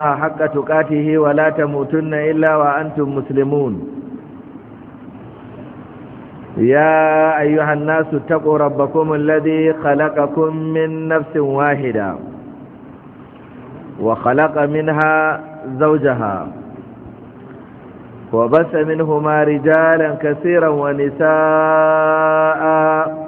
a haƙa tuƙatihi wa lata mutun na illawa an tun musulmun ya ayyuhan nasu taɓo rabbakumin ladi khalaƙakun nafsin wahida wa kalaƙa min ha zaujaha wa basa min humari jalan kasiran wani sa'a.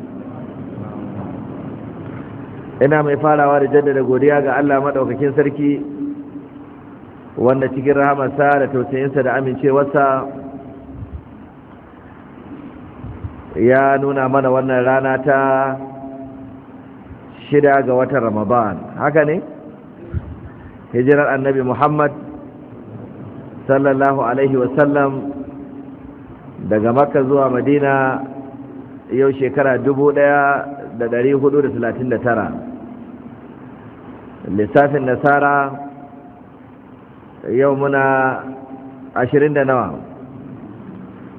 ina mai farawa da jaddada godiya ga Allah madaukakin sarki wanda cikin rahamarsa da tausayinsa da amincewarsa ya nuna mana wannan rana ta shida ga watan ramadan haka ne hijirar annabi muhammad sallallahu alaihi wasallam daga makka zuwa madina yau shekara dubu ɗaya da da tara. lissafin nasara yau muna ashirin da nawa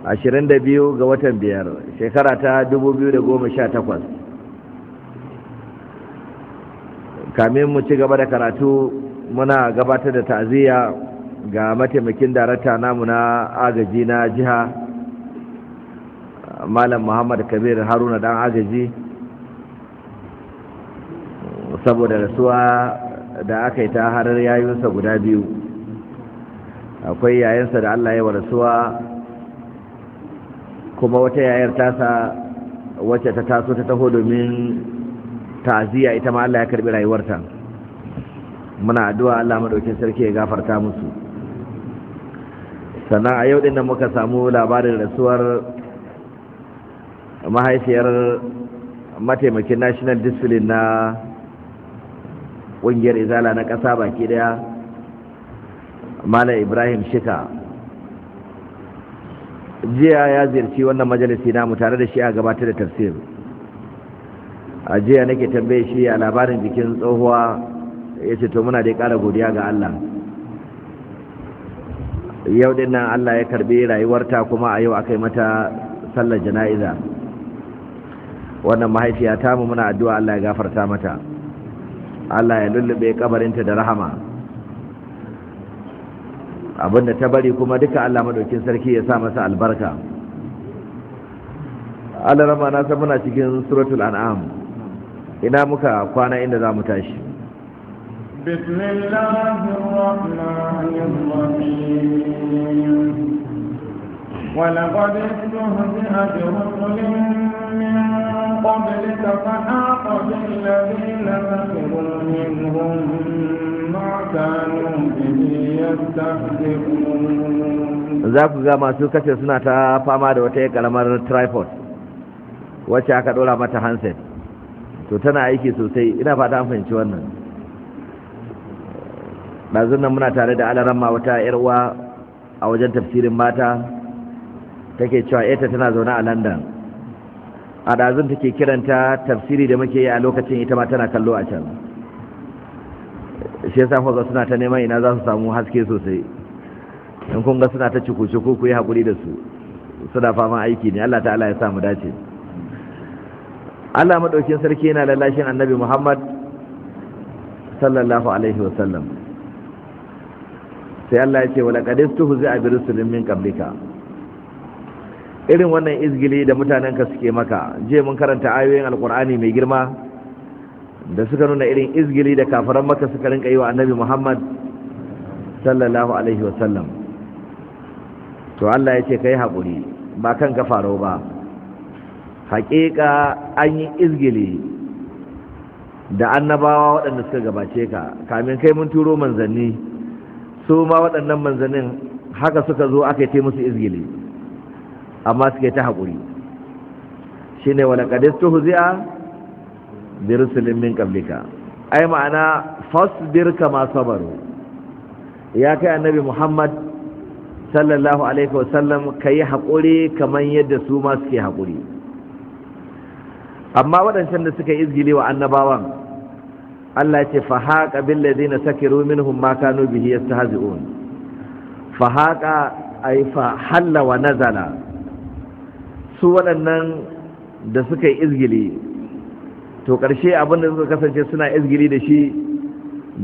ashirin da biyu ga watan biyar shekara ta dubu biyu da goma sha takwas kamin mu ci gaba da karatu muna gabatar da ta'aziyya ga mataimakin darakta namu na agaji na jiha malam muhammad kabir haruna dan agaji saboda rasuwa da aka yi ta harar yayinsa guda biyu akwai yayinsa da Allah ya wa rasuwa kuma wata yayar tasa wacce ta taso ta taho domin ta'aziyya ita ma Allah ya karbi rayuwarta muna addu'a Allah madaukin sarki ya gafarta musu sannan a yau din nan muka samu labarin rasuwar mahaifiyar mataimakin national discipline na kungiyar izala na kasa baki daya malam ibrahim shika jiya ya ziyarci wannan majalisi mu tare da shi a gabatar da tafsir a jiya nake tambaye shi a labarin jikin tsohuwa ya ce to muna dai kara godiya ga allah yau din nan allah ya karbi rayuwarta kuma a yau aka yi mata sallar jana'iza wannan mahaifiya tamu muna addu'a allah ya gafarta mata Allah ya lullube kabarinta da rahama abinda ta bari kuma duka Allah madaukin sarki ya sa masa albarka Allah rama na san muna cikin suratul an'am ina muka kwana inda za mu tashi بسم الله الرحمن الرحيم ولقد برسل قبلك فحاق بالذين مكروا منهم ما كانوا به يستهزئون za ku ga masu kashe suna ta fama da wata karamar tripod wacce aka ɗora mata handset to tana aiki sosai ina fata an fahimci wannan ɗazun nan muna tare da ma wata 'yar uwa a wajen tafsirin mata take cewa ita tana zaune a london a ɗazun take kiranta tafsiri da muke yi a lokacin ita ma tana kallo a can shi yasa kuka suna ta neman ina za su samu haske sosai in kun ga suna ta ciku ko ku yi haƙuri da su suna fama aiki ne Allah ta'ala ya samu dace Allah maɗaukin sarki yana lallashin annabi Muhammad sallallahu alaihi wasallam sai Allah ya ce wala qadistuhu za'a bi rusulin min qablika irin wannan izgili da mutanen ka suke maka je mun karanta ayoyin alkur'ani mai girma da suka nuna irin izgili da kafaran maka suka rinka yi wa annabi muhammad sallallahu alaihi wasallam to allah ya ce ka yi haƙuri ba kan ka faro ba haƙiƙa an yi izgili da annabawa waɗanda suka gabace ka kamin kai mun turo manzanni su ma waɗannan manzannin haka suka zo aka yi musu izgili amma suke ta haƙuri shi ne wani ƙadistu huzi'a bi rusulun min ƙablika ai ma'ana fasbir kama sabaru ya kai annabi muhammad sallallahu alaihi wasallam ka yi haƙuri kamar yadda su ma suke haƙuri amma waɗancan da suka izgili wa annabawan Allah ce fahaƙa billadina sakiru minhum ma kanu bihi yastahzi'un fahaƙa ay fa halla wa nazala su waɗannan da suka yi izgili to ƙarshe abinda suka kasance suna izgili da shi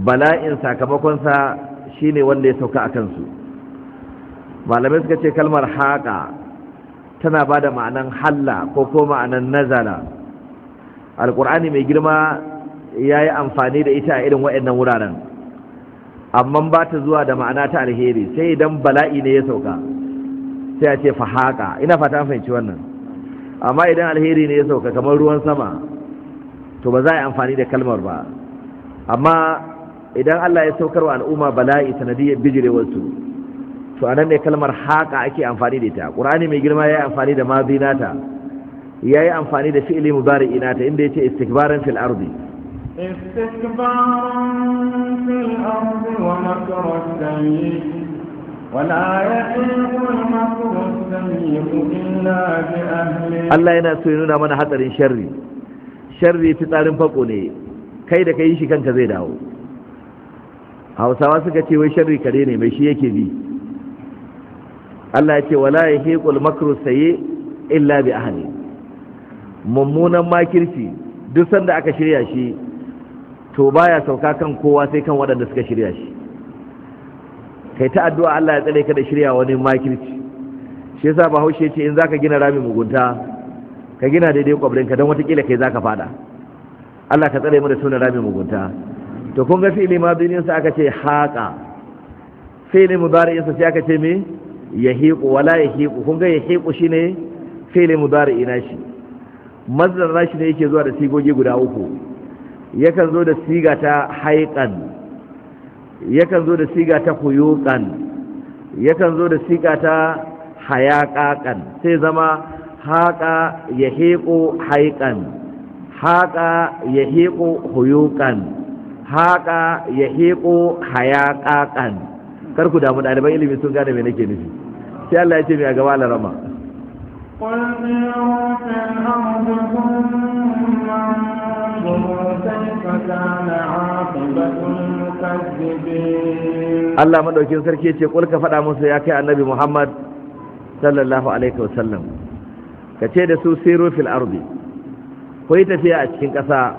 bala'in sakamakonsa shine wanda ya sauka a kansu malamai suka ce kalmar haƙa tana ba da ma'anan halla ko ko ma'anan nazara. alƙur'ani mai girma ya yi amfani da ita a irin waɗannan wuraren amma ba ta zuwa da ma'ana ta alheri sai idan bala'i ne ya sauka sai a ce fahaka ina fata fahimci wannan amma idan alheri ne ya sauka kamar ruwan sama to ba za a yi amfani da kalmar ba amma idan Allah ya saukar wa al'umma bala'i bijire bijirewarsu to a nan ne kalmar haka ake amfani da ita ƙur'ani mai girma ya yi amfani da mazinata ya yi amfani da fi'ili mubari'i nata inda ya ce istikbaran fil ardi istikbaran fil ardi wa Allah yana so ya nuna mana hatsarin sharri sharri fitsarin fako ne kai da kai shi kanka zai dawo hausawa suka ce wai sharri kare ne mai shi yake bi Allah ya ce wala yahiqul makru sayi illa bi ahli mummunan makirci duk sanda aka shirya shi to baya sauka kan kowa sai kan waɗanda suka shirya shi kai ta addu'a Allah ya tsare ka da shirya wani makirci shi yasa bahaushe ya ce in zaka gina rami mugunta ka gina daidai kwabrin ka don watakila kai zaka fada Allah ka tsare mu da sunan rami mugunta to kun ga fi'ili madinin sa aka ce haqa fi'ili mudari'in sa sai aka ce me yahiqu wala yahiqu kun ga yahiqu shine fi'ili mudari'i na shi mazdar nashi ne yake zuwa da sigogi guda uku yakan zo da siga ta haiqan yakan zo da siga ta kuyukan yakan zo da siga ta hayaƙaƙan sai zama haƙa ya heƙo haiƙan haƙa ya heƙo huyukan haƙa ya heƙo hayaƙaƙan kar ku damu ɗaliban ilimi sun gane me nake nufi sai Allah ya ce mai a gaba larama قل Allah madaukin sarki ce kul ka faɗa musu ya kai annabi Muhammad sallallahu alaihi wasallam ka ce da su siru fil ardi ku yi tafiya a cikin ƙasa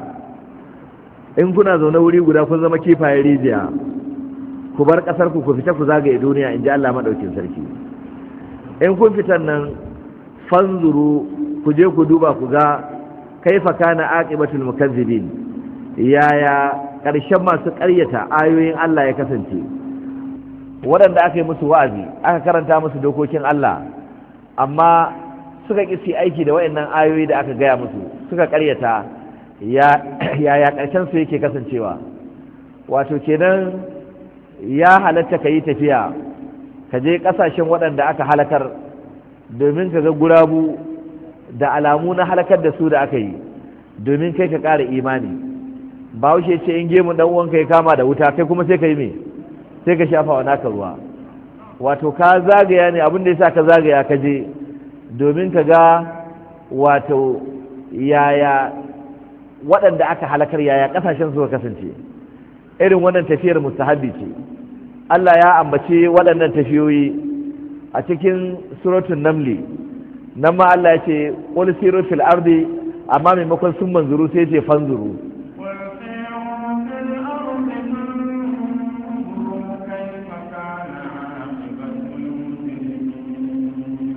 in kuna zaune wuri guda kun zama kifaye rijiya ku bar ƙasar ku ku fita ku zagaye duniya in ji Allah madaukin sarki in kun fitan nan fanzuru ku je ku duba ku ga kaifa kana aqibatul mukazzibin yaya ƙarshen masu ƙaryata ayoyin Allah ya kasance waɗanda aka yi musu wa'azi aka karanta musu dokokin Allah amma suka ƙi aiki da waɗannan ayoyi da aka gaya musu suka ƙaryata yaya ƙarshen su yake kasancewa wato kenan ya halatta ka yi tafiya ka je ƙasashen waɗanda aka halakar domin ka ga gurabu da alamu na halakar da su da aka yi domin kai ka ƙara imani bahaushe ce in gemu ɗan uwanka ya kama da wuta kai kuma sai ka yi mai sai ka shafa wa naka ruwa wato ka zagaya ne abin da yasa ka zagaya ka je domin ka ga wato yaya waɗanda aka halakar yaya ƙasashen suka kasance irin wannan tafiyar mustahabi ce Allah ya ambaci waɗannan tafiyoyi a cikin suratun namli nan ma Allah ya ce qul siru fil ardi amma maimakon sun manzuru sai ce fanzuru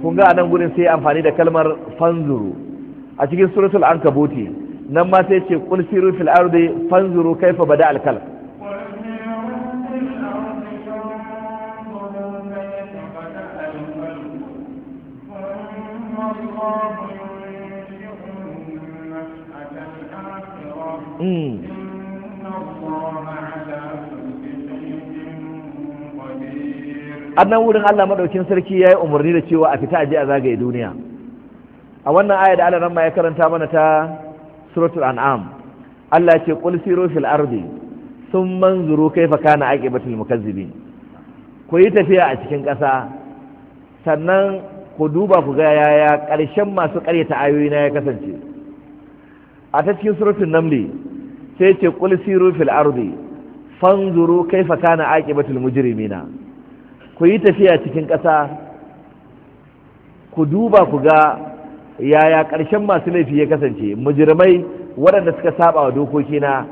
kun ga nan gurin sai amfani da kalmar fanzuru a cikin suratul ankabuti nan ma sai ce qul siru fil ardi fanzuru kaifa bada al Mm. annan nan wurin Allah maɗaukin sarki ya yi umarni da cewa a fita aje a zagaye duniya a wannan aya da Allah ma ya karanta mana ta suratul an'am Allah ce qul siru fil ardi sun manzuru kaifa kana aqibatul mukazzibin ku yi tafiya a cikin ƙasa sannan ku duba ku ga yaya ƙarshen masu ƙaryata ayoyi na ya kasance a ta cikin suratul namli sai ce kul siru fil ardi fanzuru kaifa kana aqibatul mujrimina ku yi tafiya cikin ƙasa ku duba ku ga yaya ƙarshen masu laifi ya kasance mujrimai waɗanda suka saba wa dokokina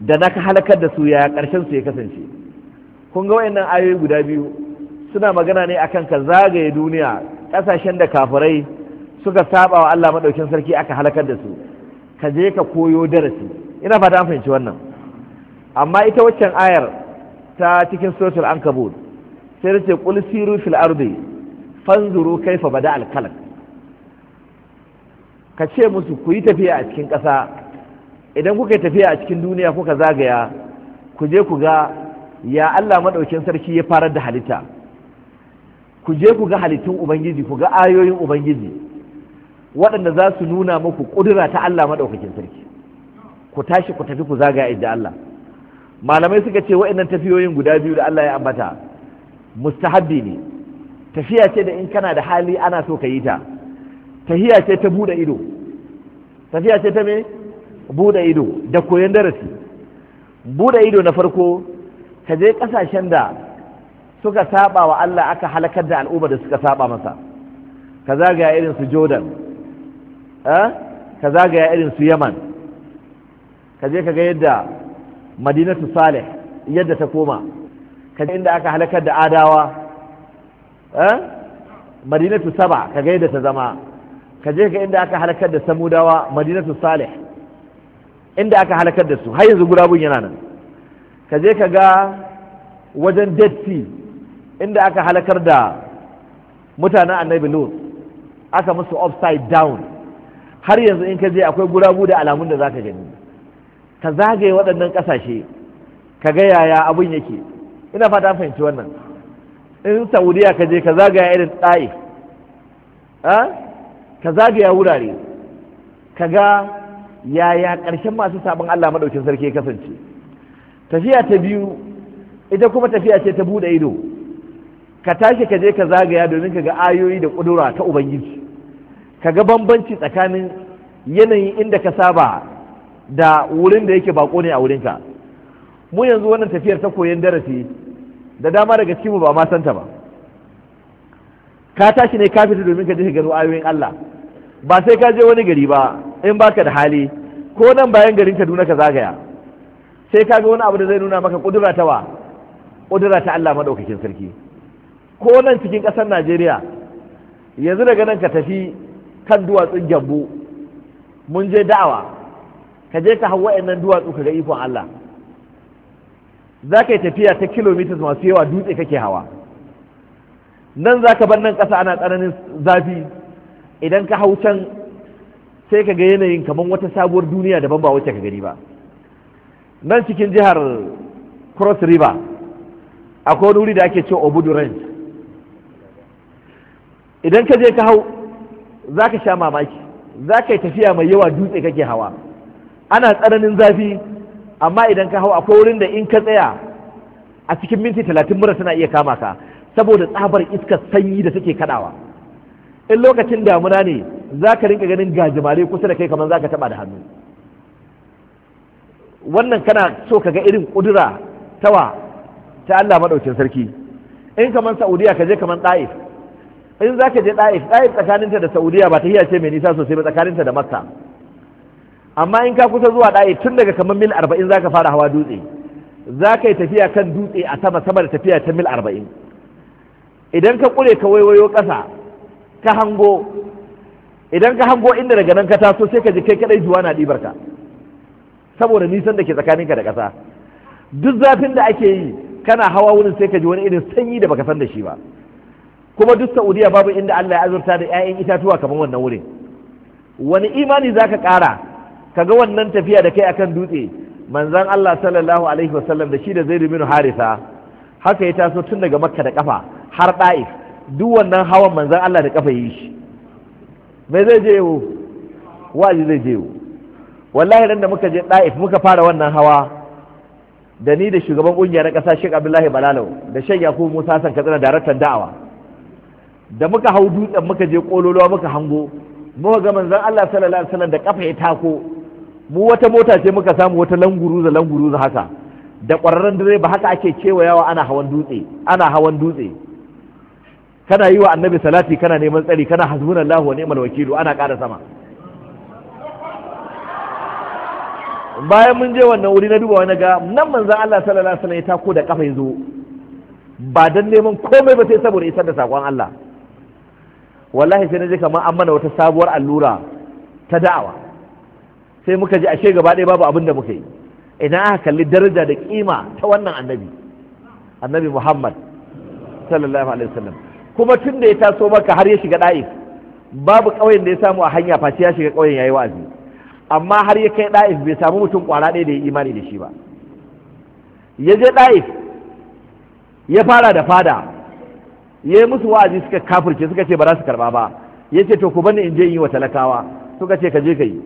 da na halakar da su yaya ƙarshen su ya kasance kun ga wayannan ayoyi guda biyu suna magana ne akan ka zagaye duniya ƙasashen da kafirai suka saba wa Allah maɗaukin sarki aka halakar da su ka je ka koyo darasi ina fata an fahimci wannan amma ita waccan ayar ta cikin suratul ankabut sai ce qul siru fil ardi fanzuru kaifa bada al kalak ka ce musu ku yi tafiya a cikin ƙasa idan kuka yi tafiya a cikin duniya kuka zagaya ku je ku ga ya Allah maɗaukin sarki ya farar da halitta ku je ku ga halittun ubangiji ku ga ayoyin ubangiji waɗanda za su nuna muku ƙudura ta Allah maɗaukakin sarki ku tashi ku tafi ku zaga inda Allah malamai suka ce waɗannan tafiyoyin guda biyu da Allah ya ambata mustahabbi ne tafiya ce da in kana da hali ana so ka yi ta tahiya ce ta bude ido tafiya ce ta me bude ido da koyon darasi bude ido na farko ka je kasashen da suka saba wa Allah aka halakar da al'umma da suka saba masa ka zagaya irin su Jordan eh? ka zagaya irin su Yaman ka je ka ga yadda madinatu salih yadda ta koma ka inda aka halakar da adawa eh? madinatu saba ka ga yadda ta zama ka je ka inda aka halakar da samudawa madinatu salih inda aka halakar da su har yanzu gurabun yana nan ka je ka ga wajen dead sea inda aka halakar da mutanen annabi lut aka musu upside down har yanzu in ka je akwai gurabu da alamun da za ka gani ka zagaye waɗannan ƙasashe ka ga yaya abin yake ina fata an fahimci wannan in saudiya ka je ka zagaya irin ɗa'i ka zagaya wurare ka ga yaya ƙarshen masu sabon allah maɗaukin sarki ya kasance tafiya ta biyu ita kuma tafiya ce ta buɗe ido ka tashi ka je ka zagaya domin ka ga ayoyi da ƙudura ta ubangiji ka ga bambanci tsakanin yanayi inda ka saba da wurin da yake bako ne a wurinka mu yanzu wannan tafiyar ta koyon darasi da dama daga cikinmu ba ma santa ba ka tashi ne ka fita domin ka je ka gano ayoyin Allah ba sai ka je wani gari ba in baka da hali ko nan bayan garin Kaduna ka zagaya sai ka ga wani abu da zai nuna maka kudura ta wa kudura ta Allah madaukakin sarki ko nan cikin ƙasar Najeriya yanzu daga nan ka tafi kan duwatsun gyambu mun je da'awa ka je ka hau wa'annan duwatsu ka ga ikon Allah za ka yi tafiya ta kilomitas masu yawa dutse kake hawa nan za ka bar nan ƙasa ana tsananin zafi idan ka hau can sai ka ga yanayin kamar wata sabuwar duniya daban ba wacce ka gani ba nan cikin jihar cross river akwai wani wuri da ake ce obudu range idan ka je ka hau za ka sha mamaki za ka yi tafiya mai yawa dutse kake hawa ana tsananin zafi amma idan ka hau akwai wurin da in ka tsaya a cikin minti talatin mura tana iya kama ka saboda tsabar iskar sanyi da take kadawa in lokacin damuna ne za ka rinka ganin gajimare kusa da kai kamar za ka taba da hannu wannan kana so ka ga irin kudura tawa ta Allah maɗaukin sarki in kamar saudiya ka je kamar ɗa'if in za ka je ɗa'if ɗa'if tsakaninta da saudiya ba ta hiya mai nisa sosai ba tsakaninta da makka amma in ka kusa zuwa ɗaya tun daga kamar mil arba'in za ka fara hawa dutse za ka yi tafiya kan dutse a sama sama da tafiya ta mil arba'in idan ka ƙure ka waiwayo ƙasa ka hango idan ka hango inda daga nan ka taso sai ka ji kai kaɗai juwa na ɗibar ka saboda nisan da ke tsakaninka da ƙasa duk zafin da ake yi kana hawa wurin sai ka ji wani irin sanyi da baka san da shi ba kuma duk saudiya babu inda allah ya azurta da 'ya'yan itatuwa kamar wannan wurin wani imani za ka ƙara kaga wannan tafiya da kai akan dutse manzon Allah sallallahu alaihi wasallam da shi da Zaid bin Harisa haka ya taso tun daga Makka da kafa har Daif duk wannan hawan manzon Allah da kafa yi shi me zai je yo waje zai je yo wallahi dan da muka je Daif muka fara wannan hawa da ni da shugaban kungiya na kasa Sheikh Abdullahi Balalau da Sheikh Yakubu Musa San Katsina daraktan da'awa da muka hau dutsen muka je kololuwa muka hango muka ga manzan Allah sallallahu alaihi wasallam da kafa ya tako mu wata mota ce muka samu wata languruza languruza haka da ƙwararren direba haka ake kewayawa ana hawan dutse ana hawan dutse kana yi wa annabi salati kana neman tsari kana hasbunallahu wa ni'mal wakilu ana ƙara sama bayan mun je wannan wuri na duba wani ga nan manzan Allah sallallahu alaihi wasallam ya tako da kafa yazo ba dan neman komai ba sai saboda isar da sakon Allah wallahi sai na je kamar an mana wata sabuwar allura ta da'awa sai muka ji ashe gaba ɗaya babu abin da muka yi ina aka kalli daraja da ƙima ta wannan annabi annabi muhammad sallallahu alaihi wasallam kuma tun da ya taso maka har ya shiga ɗa'if babu ƙauyen da ya samu a hanya face ya shiga ƙauyen yayi wa'azi amma har ya kai ɗa'if bai samu mutum ƙwara ɗaya da ya imani da shi ba ya je ɗa'if ya fara da fada ya yi musu wa'azi suka kafirce suka ce ba za su karɓa ba ya ce to ku bani in je in yi wa talakawa suka ce ka je ka yi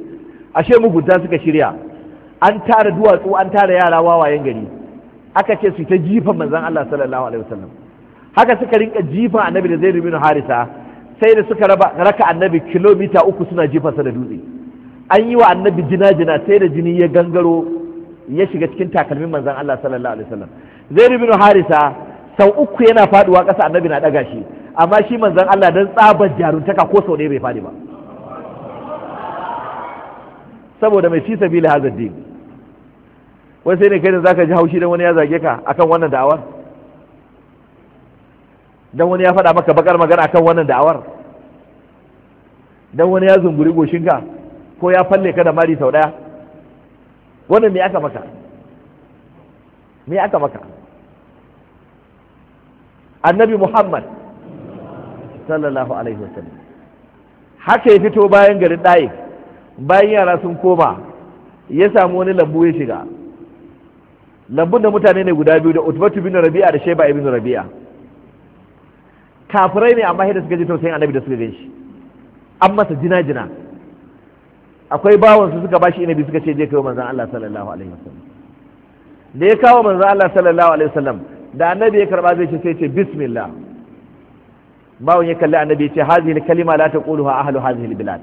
ashe mugunta suka shirya an tara duwatsu an tara yara wawayen gari aka ce su ta jifan manzan Allah sallallahu alaihi wasallam haka suka rinka jifan annabi da Zaid bin Harisa sai da suka raba raka annabi kilomita uku suna sa da dutse an yi wa annabi jina-jina sai da jini ya gangaro ya shiga cikin takalmin manzan Allah sallallahu alaihi wasallam Zaid bin Harisa sau uku yana faduwa ƙasa annabi na daga shi amma shi manzan Allah dan tsabar jaruntaka ko sau ne bai fadi ba saboda mai fi sabili hazar din wai sai ne kai da ka ji haushi don wani ya zage ka akan wannan da'awar Don wani ya faɗa maka bakar magana akan wannan da'awar Don wani ya zunguri goshinka ko ya falle ka da mari sau daya wannan me aka maka me aka maka annabi muhammad sallallahu alaihi wasallam haka ya fito bayan garin ɗaya bayan yara sun koma ya samu wani lambu ya shiga lambun da mutane ne guda biyu da utubatu bin rabi'a da sheba ibn rabi'a kafirai ne amma da suka ji tausayin annabi da suka gan shi an masa jina jina akwai bawan su suka bashi inabi suka ce je kai manzon Allah sallallahu alaihi wasallam da ya kawo manzon Allah sallallahu alaihi wasallam da annabi ya karba zai ce sai ce bismillah bawon ya kalli annabi ya ce hazihi kalima la taquluha ahlu hazihi bilad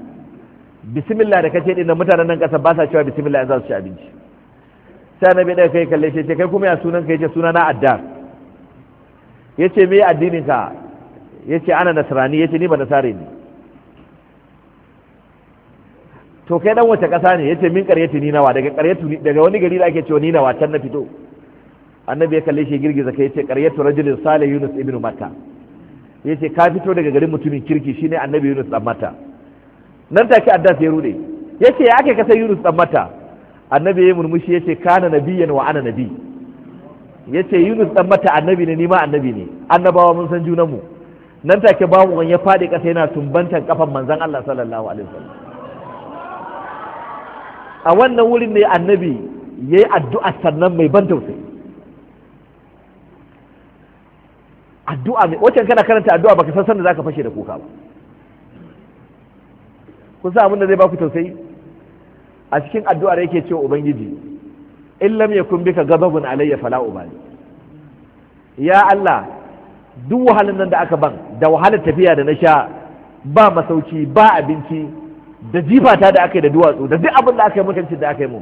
bismillah da kace din mutanen nan kasa ba sa cewa bismillah in za su ci abinci sai annabi da kai kalle shi ce kai kuma ya sunan kai ce suna na addar yace me addinin ka yace ana nasrani yace ni ba nasare ne to kai dan wace kasa ne yace min karyatu ni nawa daga karyatu daga wani gari da ake cewa ni nawa can na fito annabi ya kalle shi girgiza kai yace tu rajulin salih yunus ibnu makka yace ka fito daga garin mutumin kirki shine annabi yunus dan matta nan take addas ya rude yace ya ake kasa yunus dan mata annabi ya murmushi yace kana nabiyyan wa ana nabi yace yunus dan mata annabi ne ni ma annabi ne annabawa mun san junan mu nan take babu wani ya fadi kasa yana tumbantan kafan manzon Allah sallallahu alaihi wasallam a wannan wurin ne annabi yayi addu'a sannan mai ban tausayi addu'a mai wacce kana karanta addu'a baka san sanda zaka fashe da kuka ba kun san abin da zai baku tausayi a cikin addu'ar yake cewa ubangiji in lam yakun bika ghadabun alayya fala ubali ya Allah duk wahalan nan da aka ban da wahalar tafiya da na sha ba masauki ba abinci da jifata da aka yi da duwatsu da duk abin da aka yi mutunci da aka yi mu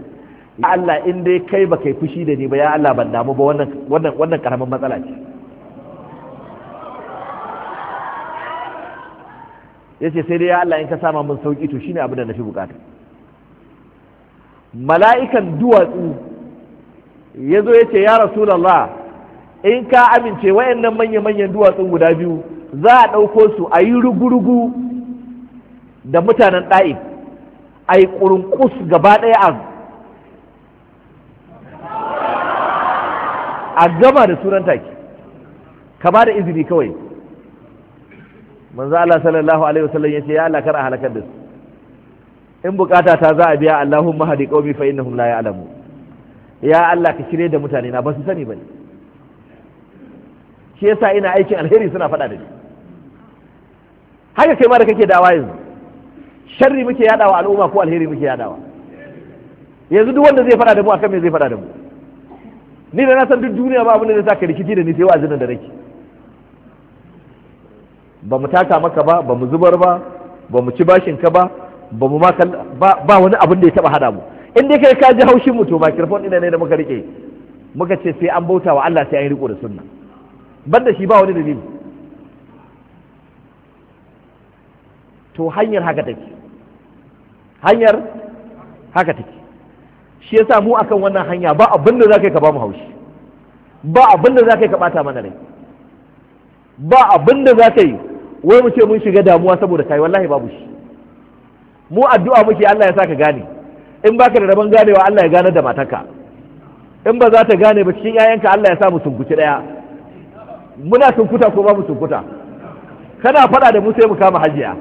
ya Allah in dai kai ba kai fushi da ni ba ya Allah ban damu ba wannan wannan wannan karamin matsala ce ya ce sai dai ya Allah in ka sama min sauki to shine abin da na fi bukata mala'ikan duwatsu ya zo ya ce ya rasulallah in ka amince wayannan manya-manyan duwatsun guda biyu za a ɗauko su a yi rugu da mutanen ɗa'in a yi ƙurunƙus gaba ɗaya a a gama da sunan take kama da izini kawai manzo Allah sallallahu alaihi wasallam yace ya Allah kar a halakar da su in bukata ta za a biya Allahumma hadi qaumi fa innahum la ya'lamu ya Allah ka shirye da mutane na ba su sani bane shi yasa ina aikin alheri suna faɗa da ni haka kai ma da kake dawa yanzu sharri muke yadawa al'umma ko alheri muke yadawa yanzu duk wanda zai faɗa da mu akan me zai faɗa da mu ni da na san duk duniya ba abin da zai saka rikici da ni sai wa'azin da nake ba mu taka maka ba ba mu zubar ba ba mu ci bashin ka ba ba mu maka ba wani abin da ya taba hada mu in dai kai ka ji haushin mu to microphone ina ne da muka rike muka ce sai an bauta wa Allah sai an riko da sunna banda shi ba wani dalili to hanyar haka take hanyar haka take shi yasa mu akan wannan hanya ba abin da zaka ka ba mu haushi ba abin da zaka ka bata mana rai ba abin da zaka yi wai mu ce mun shiga damuwa saboda kai wallahi babu shi mu addu'a muke Allah ya saka gane in baka da rabon ganewa Allah ya gane da matarka in ba za ta gane ba cikin yayanka Allah ya sa mu tunkuci daya muna tunkuta ko ba mu tunkuta kana faɗa da mu sai mu kama hajiya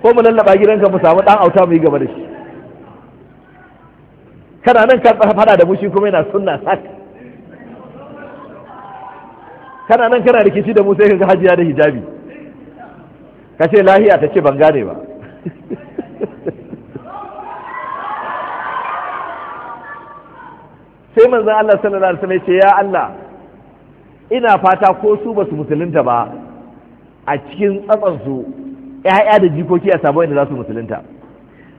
ko mu lallaba gidanka mu samu dan auta mu yi gaba da shi kana nan ka faɗa da mu shi kuma yana sunna sak kana nan kana rikici da mu sai kaga hajiya da hijabi ka ce lahiya ta ce ban gane ba sai manzon Allah sallallahu alaihi wasallam ya ce ya Allah ina fata ko su basu musulunta ba a cikin tsatsan su ƴaƴa da jikoki a samu inda za su musulunta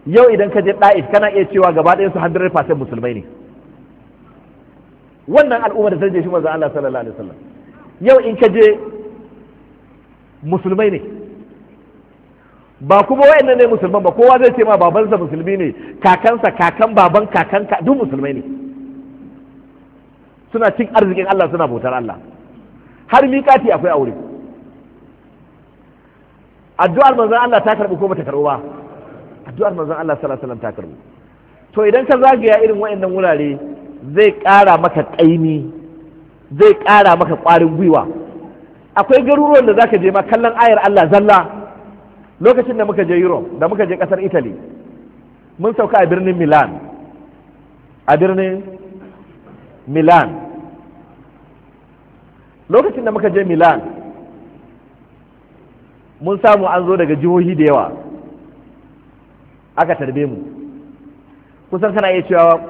yau idan ka je da'if kana iya cewa gaba ɗayan su 100% musulmai ne wannan al'ummar da ta je shi manzon Allah sallallahu alaihi wasallam yau in ka je musulmai ne ba kuma wayannan ne musulman ba kowa zai ce ma babansa musulmi ne kakansa kakan baban kakan duk musulmai ne suna cin arzikin Allah suna bautar Allah har miƙati akwai aure addu'ar manzon Allah ta karɓi ko bata karɓi ba addu'ar manzon Allah sallallahu alaihi wasallam ta karɓi to idan ka zagaya irin wa'annan wurare zai ƙara maka ƙaimi zai ƙara maka ƙwarin gwiwa akwai garuruwan da zaka je ma kallon ayar Allah zalla lokacin da muka je Europe da muka je ƙasar Italy mun sauka a birnin Milan a birnin Milan lokacin da muka je Milan mun samu an zo daga jihohi da yawa aka tarbe mu kusan kana iya cewa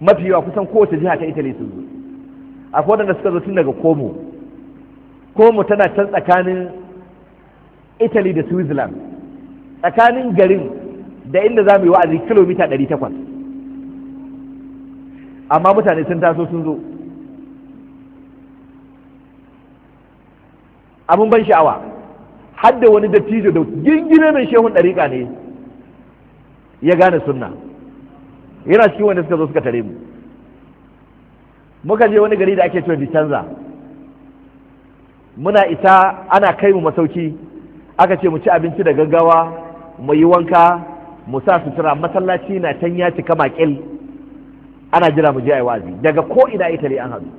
mafi yawa kusan kowace jiha ta Italy sun zo akwai waɗanda suka zo tun daga komo komo tana can tsakanin italy da switzerland tsakanin garin da inda za mu yi wa'azi kilomita 800 amma mutane sun taso sun zo abin ban sha'awa har da wani dattijo da gingine mai shehun ɗariƙa ne ya gane sunna yana cikin wanda suka zo suka tare mu muka je wani gari da ake cewa bicanza muna isa ana kai mu masauki aka ce mu ci abinci da gaggawa mu yi wanka mu sa sutura masallaci na can ya cika makil ana jira mu je ayi wazi daga ko ina italy an hazu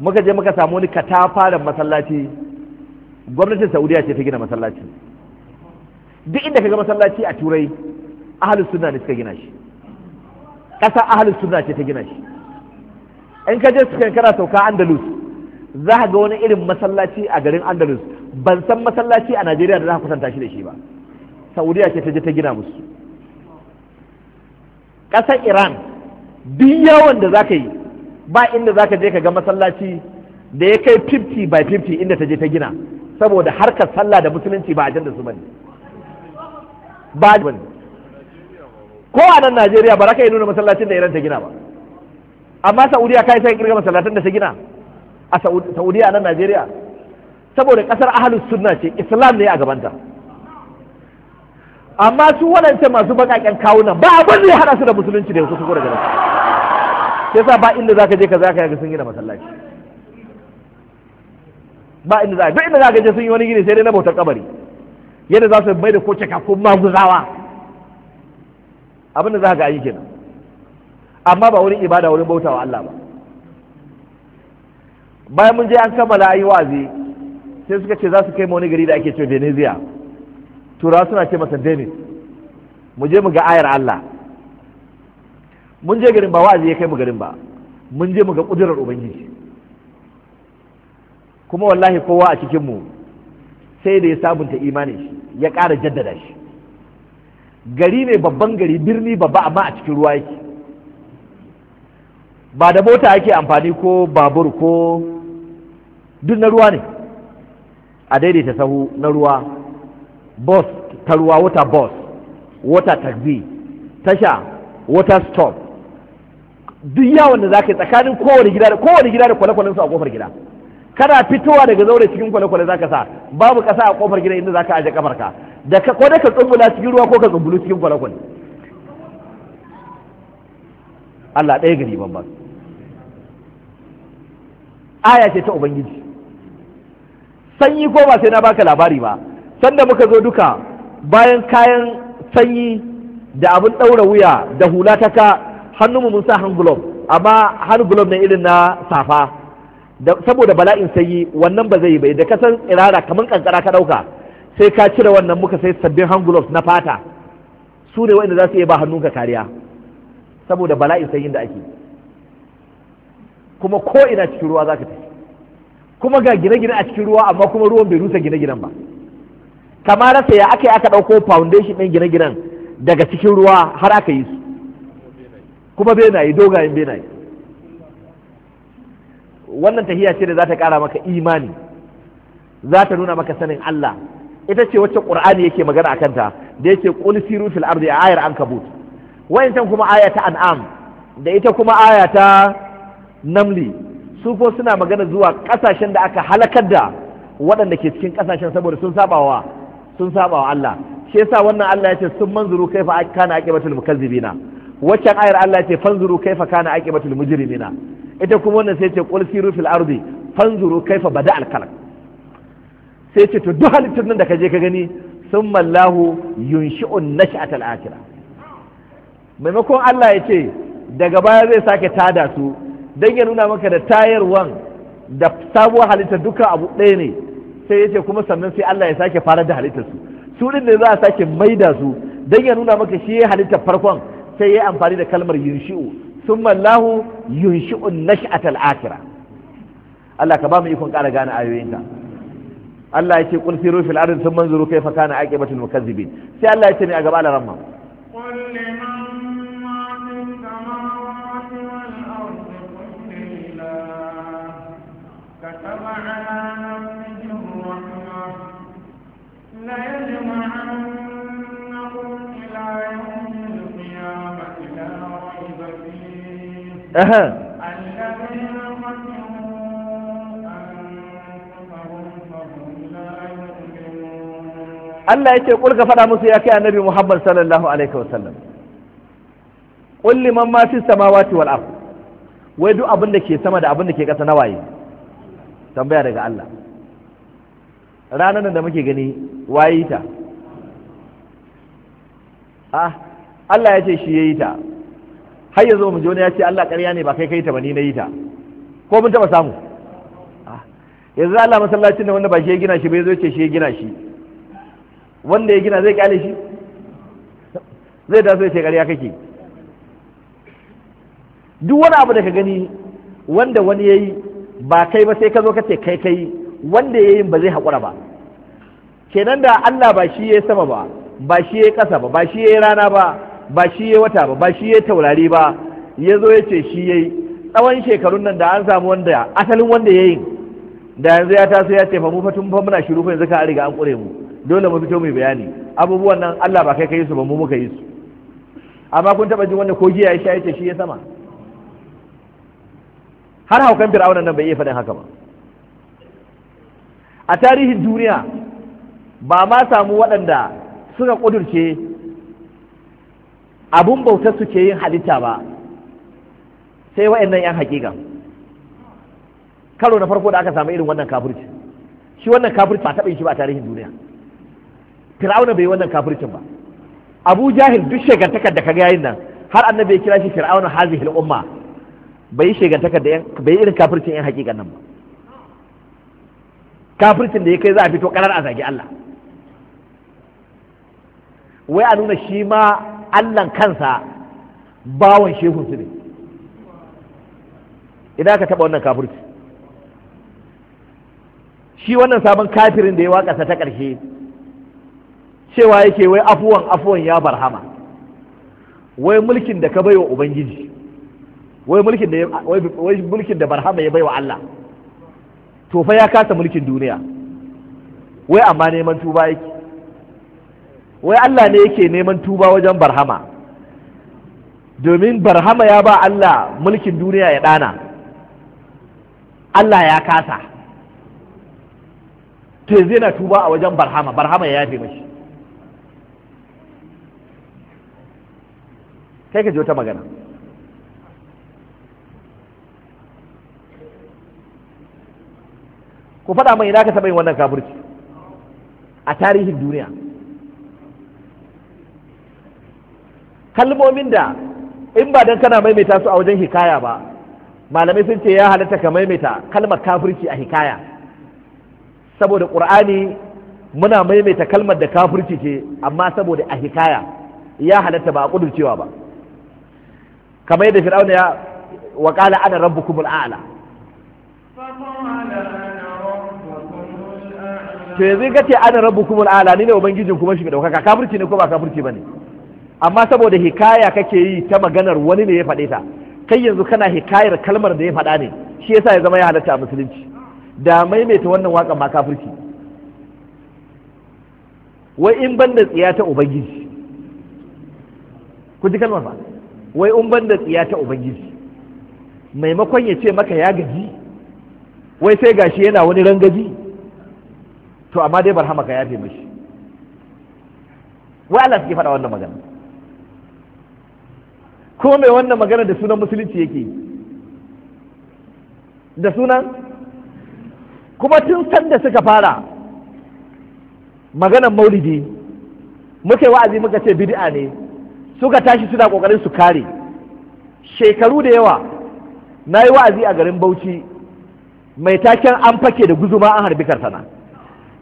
muka je muka samu wani da masallaci gwamnatin saudiya ce ta gina masallaci duk inda kaga masallaci a turai ahalus sunna ne suka gina shi ƙasa ahalus sunna ce ta gina shi in ka je sukan kana sauka andalus za ka ga wani irin masallaci a garin andalus ban san masallaci a najeriya da za ka kusanta shi da shi ba saudiya ce ta je ta gina musu ƙasar iran duk yawon da za ka yi ba inda za ka je ka ga masallaci da ya kai 50 by 50 inda ta je ta gina saboda harkar sallah da musulunci ba a da su bane ba ko a nan najeriya ba za ka yi nuna masallacin da iran ta gina ba amma saudiya kai sai kirga masallatan da ta gina a saudiya nan najeriya saboda kasar ahlus sunna ce islam ne a gabanta amma su wadanda masu kawo nan ba abin da ya hada su da musulunci da su su da nan sai sa ba inda zaka je ka zaka ga sun gina masallaci ba inda za duk inda zaka je sun yi wani gini sai dai na bautar kabari yadda za su mai da koce kafin maguzawa abin da za ka yi kenan amma ba wurin ibada wurin bautawa Allah ba bayan mun je an kammala ayi wazi sai suka ce za su kai mu wani gari da ake ce Venezia turawa suna ce masa Venice mu je mu ga ayar Allah mun je garin ba wa'azi ya kai mu garin ba mun je mu ga kudurar ubangiji kuma wallahi kowa a cikin mu sai da ya sabunta imani shi ya kara jaddada shi gari ne babban gari birni babba amma a cikin ruwa yake ba da mota ake amfani ko babur ko duk na ruwa ne a daidaita sahu na ruwa bus ta ruwa wata bus wata taxi tasha wata stop duk yawon da za ka yi tsakanin kowane gida da kowane gida da kwale-kwalen su a kofar gida Kada fitowa daga zaure cikin kwale-kwale za ka sa babu ƙasa a kofar gida inda za ka aje kafarka da ka ko ka tsumbula cikin ruwa ko ka tsumbulu cikin kwale-kwale Allah ɗaya gari ban aya ce ta ubangiji sanyi ko ba sai na baka labari ba sanda muka zo duka bayan kayan sanyi da abin ɗaura wuya da hula ta ka hannunmu mun sa hand glove amma hand glove ne irin na safa saboda bala'in sanyi wannan ba zai yi bai da san irara kamar kankara ka ɗauka sai ka cire wannan muka sai sabbin hand na fata su ne wa'inda za su iya ba hannunka kariya saboda sai sanyin da ake kuma ko ina cikin ruwa zaka tafi kuma ga gine-gine a cikin ruwa amma kuma ruwan bai rusa gine-ginen ba kamar rasa ya aka aka ɗauko foundation ɗin gine-ginen daga cikin ruwa har aka yi su kuma benaye dogayen benaye wannan tahiya ce da za ta ƙara maka imani za ta nuna maka sanin Allah ita ce wacce ƙur'ani yake magana a kanta da yake qul siru fil ardi ayar ankabut wancan kuma ayata an'am da ita kuma ayata namli su ko suna magana zuwa kasashen da aka halakar da waɗanda ke cikin kasashen saboda sun sabawa sun sabawa Allah shi yasa wannan Allah yace sun manzuru kaifa kana aqibatul mukazzibina waccan ayar Allah yace ce fanzuru kaifa kana aqibatul mujrimina ita kuma wannan sai ce qul siru fil ardi fanzuru kaifa bada al sai ce to duk halittun da ka je ka gani summa Allahu yunshi'un nash'atal akhirah maimakon Allah ya ce daga baya zai sake tada su don ya nuna maka da tayarwan da sabuwar halitta duka abu ɗaya ne sai ya ce kuma sannan sai Allah ya sake fara da halittar su su din ne za a sake da su don ya nuna maka shi ya halittar farkon sai ya amfani da kalmar yunshi'u summa lahu yunshi'u nash'atal akira Allah ka ba mu ikon ƙara gane ayoyinka Allah ya ce qul siru fil ardi thumma anzuru kayfa kana aqibatul mukazzibin sai Allah ya ce ne a gaba da ramma Allah ya ce kul faɗa musu ya kai annabi Muhammad sallallahu alaihi sallam. qul liman ma fi samawati wal ard wai duk abin da ke sama da abin da ke ƙasa na waye tambaya daga Allah ranar da muke gani waye ta ah Allah ya ce shi yayi ta har yanzu mu wani ya ce Allah ƙarya ne ba kai kai ta ba ni na yi ta ko mun taba samu ah, yanzu Allah masallacin da wanda ba shi ya gina shi bai zo ce shi ya gina shi wanda ya gina zai kyale shi zai taso ya ce ƙarya kake duk wani abu da ka gani wanda wani ya yi ba kai ba sai ka zo ka ce kai kai wanda ya yi ba zai haƙura ba kenan da Allah ba shi ya yi sama ba ba shi ya yi ƙasa ba ba shi ya yi rana ba ba shi ya wata ba ba shi ya taurari ba ya zo ya ce shi ya yi tsawon shekarun nan da an samu wanda asalin wanda ya yi da yanzu ya taso ya ce fa mu fatun fa muna shiru fa yanzu ka riga an kure mu dole mu fito mu bayani abubuwan nan Allah ba kai kai su ba mu muka yi su amma kun taba jin wanda ko giya ya sha ya ce shi ya sama har haukan fir'auna nan bai iya faɗin haka ba a tarihin duniya ba ma samu waɗanda suka ƙudurce abun bautar su ke yin halitta ba sai wa'annan yan hakika karo na farko da aka samu irin wannan kafirci shi wannan kafirci ba taɓa shi ba a tarihin duniya fir'auna bai wannan kafircin ba abu jahil duk shegantakar da kaga yayin nan har annabi ya kira shi fir'auna hazihil umma bai yi shegantakar da bai yi irin kafircin yan hakikan nan ba kafircin da ya kai za a fito karar a zagi Allah wai a nuna shi ma allan kansa bawon shehun su ne idan ka taɓa wannan kafirci shi wannan sabon kafirin da ya waƙasa ta ƙarshe cewa yake wai afuwan afuwan ya barhama wai mulkin da ka baiwa ubangiji wai mulkin da wai mulkin da barhama ya baiwa Allah to fa ya kasa mulkin duniya wai amma neman tuba yake wai Allah ne yake neman tuba wajen barhama domin barhama ya ba Allah mulkin duniya ya ɗana Allah ya kasa to yanzu yana tuba a wajen barhama barhama ya yafe mashi kai ka ji wata magana ku faɗa mai ina ka taɓa yin wannan kafirci a tarihin duniya kalmomin da in ba dan kana maimaita su a wajen hikaya ba malamai sun ce ya halatta ka maimaita kalmar kafirci a hikaya saboda qur'ani muna maimaita kalmar da kafirci ce amma saboda a hikaya ya halatta ba a kudurcewa ba kamar yadda fir'auna ya wa qala ana rabbukumul a'la to yanzu ce ana rabbukumul a'la ni ne ubangijin kuma shi mai daukaka kafirci ne ko ba kafirci bane amma saboda hikaya kake yi ta maganar wani ne ya faɗe ta kai yanzu kana hikayar kalmar da ya faɗa ne shi yasa ya zama ya halatta a musulunci da maimaita wannan waƙa ma kafirci wai in ban da tsiya ta ubangiji ku ji kalmar ba wai in ban da tsiya ta ubangiji maimakon ya ce maka ya gaji wai sai gashi yana wani rangaji to amma dai bar hamaka ya fi mashi wai Allah suke faɗa wannan magana ko mai wannan magana da sunan musulunci yake da sunan kuma tun sanda suka fara maganan maulidi muke wa'azi muka ce bid'a ne suka tashi suna ƙoƙarin su kare shekaru da yawa na yi wa'azi a garin bauchi mai taken an fake da guzuma an harbi karsana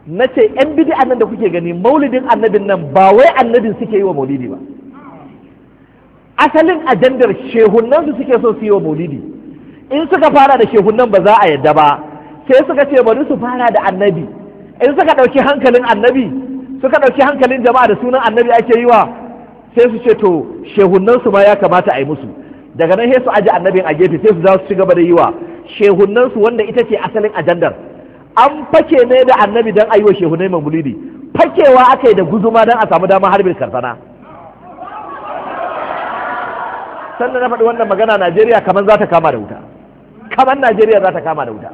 na ce 'yan bid'a nan da kuke gani maulidin annabin nan ba wai annabin suke yi wa maulidi ba asalin ajandar shehunan su suke so su yi wa maulidi in suka fara da shehunan ba za a yadda ba sai suka ce bari su fara da annabi in suka ɗauki hankalin annabi suka ɗauki hankalin jama'a da sunan annabi ake yi wa sai su ce to shehunan su ma ya kamata a yi musu daga nan sai su aje annabin a gefe sai su za su ci gaba da yi wa shehunan su wanda ita ce asalin ajandar an fake ne da annabi dan yi wa shehunai maulidi fakewa aka yi da guzuma dan a samu dama harbin karsana sannan na faɗi wannan magana Najeriya kamar za ta kama da wuta kamar Najeriya za ta kama da wuta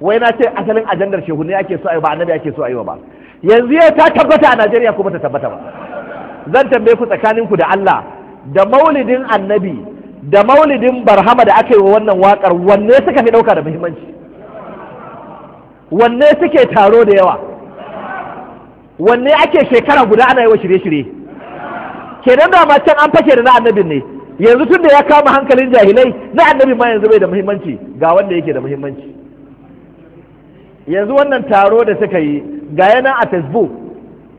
wai na ce asalin ajandar shehu ne ake so a yi ba annabi ake so a yi ba yanzu ya ta tabbata a Najeriya ko bata tabbata ba zan tambaye ku tsakanin ku da Allah da maulidin annabi da maulidin barhama da aka yi wa wannan wakar wanne suka fi ɗauka da muhimmanci wanne suke taro da yawa wanne ake shekara guda ana yi wa shirye-shirye kenan da can an fashe da na annabin ne yanzu tun da ya kama hankalin jahilai na annabi ma yanzu bai da muhimmanci ga wanda yake da muhimmanci yanzu wannan taro da suka yi ga yana a facebook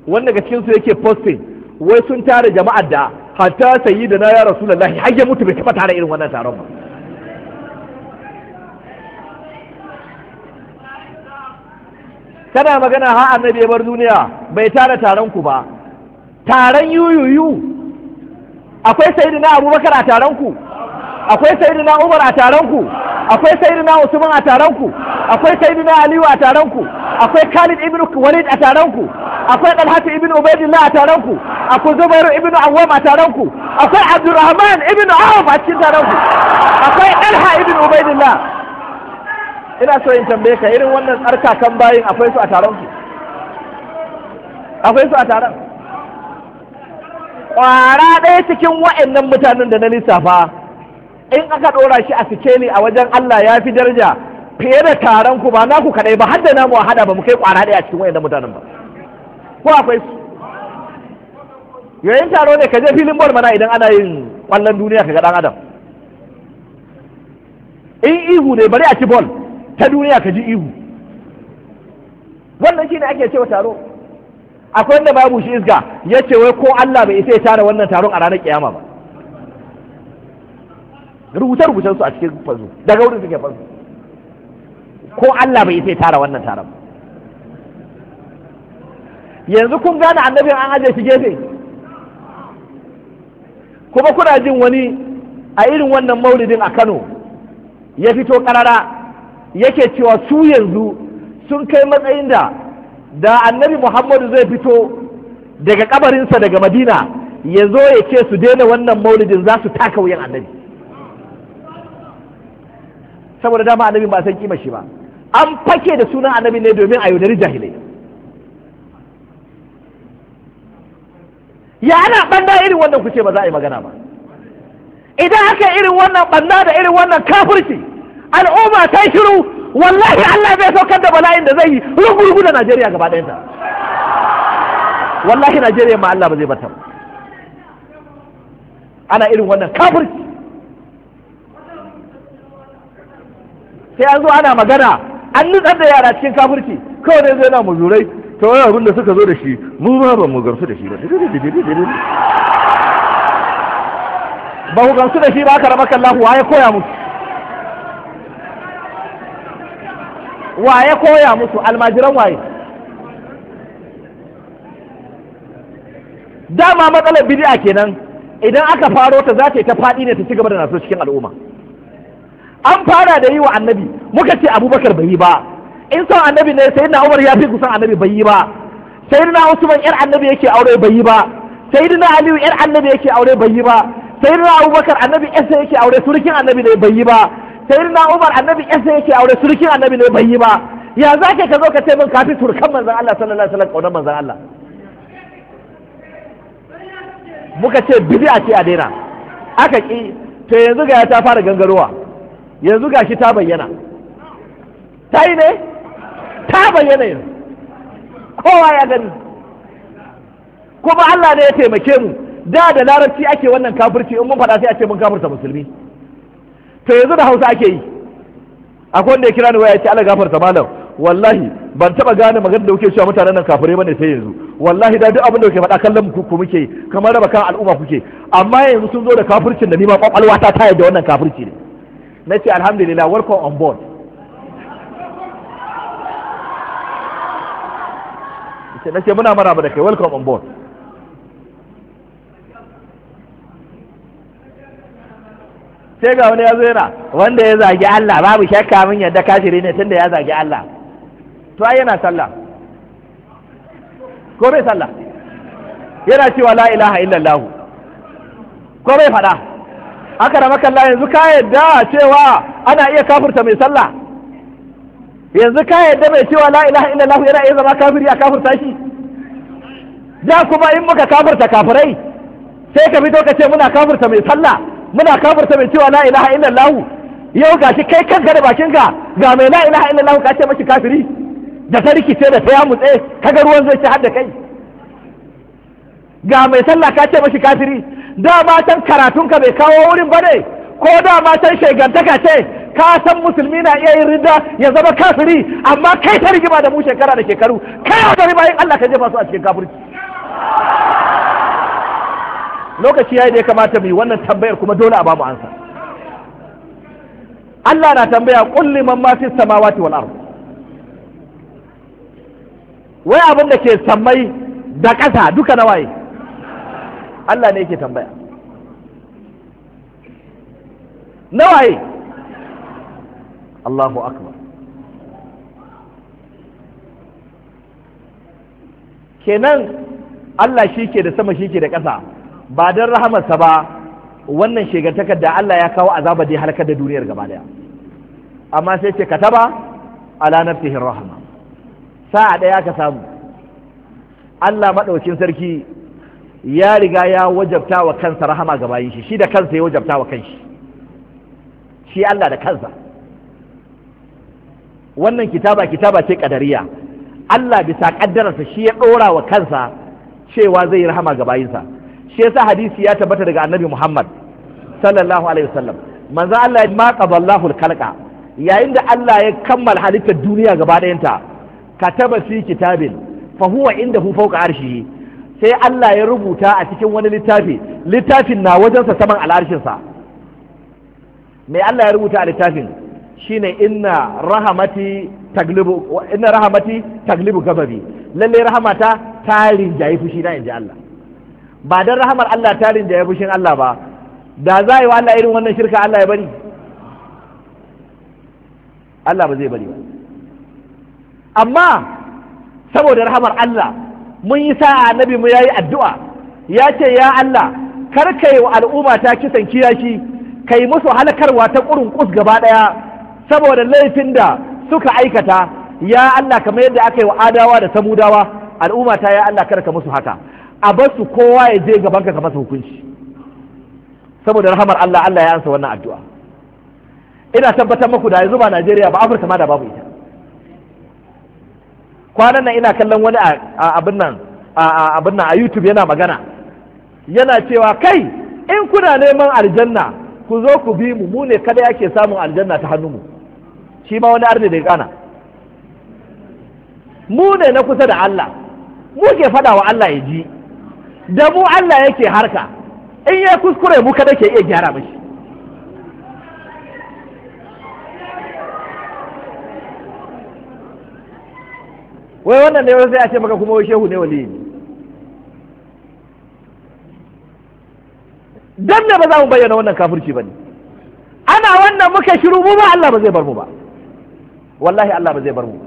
wanda ga cikinsu yake posting wai sun tara jama'ar da hatta sayi da na ya rasulullahi har ya mutu bai taba tara irin wannan taron ba kana magana ha annabi ya bar duniya bai tara taron ku ba taron yuyuyu akwai sayyidina abubakar a taron ku akwai sayyidina umar a taron ku akwai sayyidina usman a taron ku akwai sayyidina aliyu a taron ku akwai khalid ibn walid a taron ku akwai talhatu ibn ubaidillah a taron ku akwai zubairu ibn awwam a taron ku akwai abdurrahman ibn awf a cikin taron ku akwai talha ibn ubaidillah ina so in tambaye ka irin wannan tsarka kan bayin akwai su a taron ku akwai su a taron ƙwara ɗaya cikin wa'annan mutanen da na lissafa in aka ɗora shi a sikeli a wajen Allah ya fi daraja fiye da taron ku ba naku kaɗai ba har da namu a hada ba mu kai ƙwara ɗaya a cikin wa'annan mutanen ba ko akwai su yayin taro ne ka je filin bol mana idan ana yin ƙwallon duniya ka ga ɗan adam in ihu ne bari a ci bol ta duniya ka ji ihu wannan ne ake cewa taro akwai wanda babu shi isga ya ce wai ko Allah bai isa ya tara wannan taron a ranar kiyama ba rubuce-rubucen su a cikin fazo daga wurin suke fazo ko Allah bai isa ya tara wannan taron yanzu kun gane annabin an aje shi gefe kuma kuna jin wani a irin wannan maulidin a Kano ya fito karara yake cewa su yanzu sun kai matsayin da da annabi muhammadu zai fito daga kabarinsa daga madina ya zo ya ce su daina wannan maulidin za su taka wuyan annabi saboda dama annabi ba san kima shi ba an fake da sunan annabi ne domin a yaudari jahilai ya ana banda irin wannan kuce ba za a yi magana ba idan aka irin wannan banda da irin wannan kafirci al'umma ta shiru wallahi Allah zai saukar da bala'in da zai yi rugurugu da Najeriya gaba ɗayanta wallahi Najeriya ma Allah ba zai bata ana irin wannan kafir sai an zo ana magana an nutsar da yara cikin kafirci kawai dai zai na muzurai ta wani abin da suka zo da shi mu ma ba mu gamsu da shi ba ba ku gamsu da shi ba aka rama kallahu ya koya musu wa ya koya musu almajiran waye dama matsalar bid'a kenan idan aka faro ta za ta yi ta faɗi ne ta ci gaba da nasu cikin al'umma an fara da yi wa annabi muka ce abubakar bai yi ba in son annabi ne sai na umar ya fi kusan annabi bai yi ba sai na usman yar annabi yake aure bai yi ba sai na aliyu yar annabi yake aure bai yi ba sai na abubakar annabi yasa yake aure surukin annabi ne bai yi ba na Umar annabi yasa yake aure surukin annabi ne bai yi ba ya za ka zo ka ce min kafi turkan manzan Allah sallallahu alaihi wasallam kaunar manzon Allah muka ce bid'a ce a daina aka ki to yanzu ga ta fara gangarowa yanzu ga shi ta bayyana ta yi ne ta bayyana yanzu kowa ya gani kuma Allah ne ya taimake mu da da larabci ake wannan kafirci in mun faɗa sai a ce mun kafirta musulmi to yanzu da hausa ake yi akwai wanda ya kira ni waya ya ce ala gafarta malam wallahi ban taba gane magana da kuke cewa mutanen nan kafirai bane sai yanzu wallahi da duk abin da kuke faɗa kallon ku muke kamar raba kan al'umma kuke amma yanzu sun zo da kafircin da ni ma kwakwalwa ta ta da wannan kafirci ne na ce alhamdulillah welcome on board na ce muna maraba da kai welcome on board sai ga wani ya zo yana wanda ya zagi Allah babu shakka min yadda kafiri ne tunda ya zagi Allah to ai yana sallah ko bai sallah yana cewa la ilaha illallah ko bai faɗa aka rama Allah yanzu ka yadda cewa ana iya kafurta mai sallah yanzu ka yadda mai cewa la ilaha illallah yana iya zama kafiri a kafurta shi da kuma in muka kafurta kafirai sai ka fito ka ce muna kafurta mai sallah muna kafirta mai cewa la ilaha illallah yau gashi kai kanka da bakinka ga mai la ilaha illallah ka ce mashi kafiri da ta rikice da ta mutse kaga ruwan zai ci har da kai ga mai sallah ka ce mashi kafiri da matan karatun ka bai kawo wurin ba ne ko da san shegantaka ce ka san musulmi na iya yin ridda ya zama kafiri amma kai ta rigima da mu shekara da shekaru kai a bayan Allah ka jefa su a cikin kafirci lokaci ya yi da ya kamata mu yi wannan tambayar kuma dole a bamu ansa Allah na tambaya qul man ma fis samawati wal ard wai abin da ke sammai da ƙasa duka na waye Allah ne yake tambaya na waye Allahu akbar kenan Allah shi ke da sama shi ke da ƙasa ba don rahamarsa ba wannan shegantakar da Allah ya kawo azaba da ya halakar da duniyar gaba daya amma sai ce kataba ala nafsihi rahama sa'a daya ka samu Allah madaukin sarki ya riga ya wajabta wa kansa rahama ga bayin shi shi da kansa ya wajabta wa kanshi shi Allah da kansa wannan kitaba kitaba ce kadariya Allah bisa kaddararsa shi ya ɗora wa kansa cewa zai yi rahama ga bayinsa shi yasa hadisi ya tabbata daga annabi Muhammad sallallahu alaihi wasallam manzo Allah ya ma qadallahu al-khalqa yayin da Allah ya kammala halitta duniya gaba ɗayanta kataba fi kitabin fa huwa indahu fawqa arshihi sai Allah ya rubuta a cikin wani littafi littafin na wajensa saman al'arshin sa mai Allah ya rubuta a littafin shine inna rahamati taglibu inna rahamati taglibu gababi lalle rahamata ta rinjayi fushi na inji Allah ba don rahamar Allah ta da ya bushin Allah ba da za yi wa Allah irin wannan shirka Allah ya bari Allah ba zai bari ba amma saboda rahamar Allah mun yi sa'a annabi mu ya yi addu'a ya ce ya Allah kar kai wa al'umma ta kisan kiyashi kai musu halakarwa ta ƙurin kus gaba ɗaya, saboda laifin da suka aikata ya Allah kamar yadda aka yi wa adawa da samudawa al'umma ta ya Allah kar ka musu haka a basu kowa ya je gaban ka masa hukunci saboda rahamar Allah Allah ya ansa wannan addu'a ina tabbatar muku da yanzu ba Najeriya ba Afirka ma da babu ita kwanan nan ina kallon wani a abin nan abin nan a YouTube yana magana yana cewa kai in kuna neman aljanna ku zo ku bi mu mu ne kada yake samun aljanna ta hannu mu shi ma wani arni da ya kana mu ne na kusa da Allah mu ke fada wa Allah ya ji da mu Allah yake harka in ya kuskure mu kada ke iya gyara mashi wai wannan ne sai a ce maka kuma shehu ne ne. Don ne ba za mu bayyana wannan kafirci ba ne ana wannan muka shiru mu ba Allah ba zai bar mu ba wallahi Allah ba zai bar mu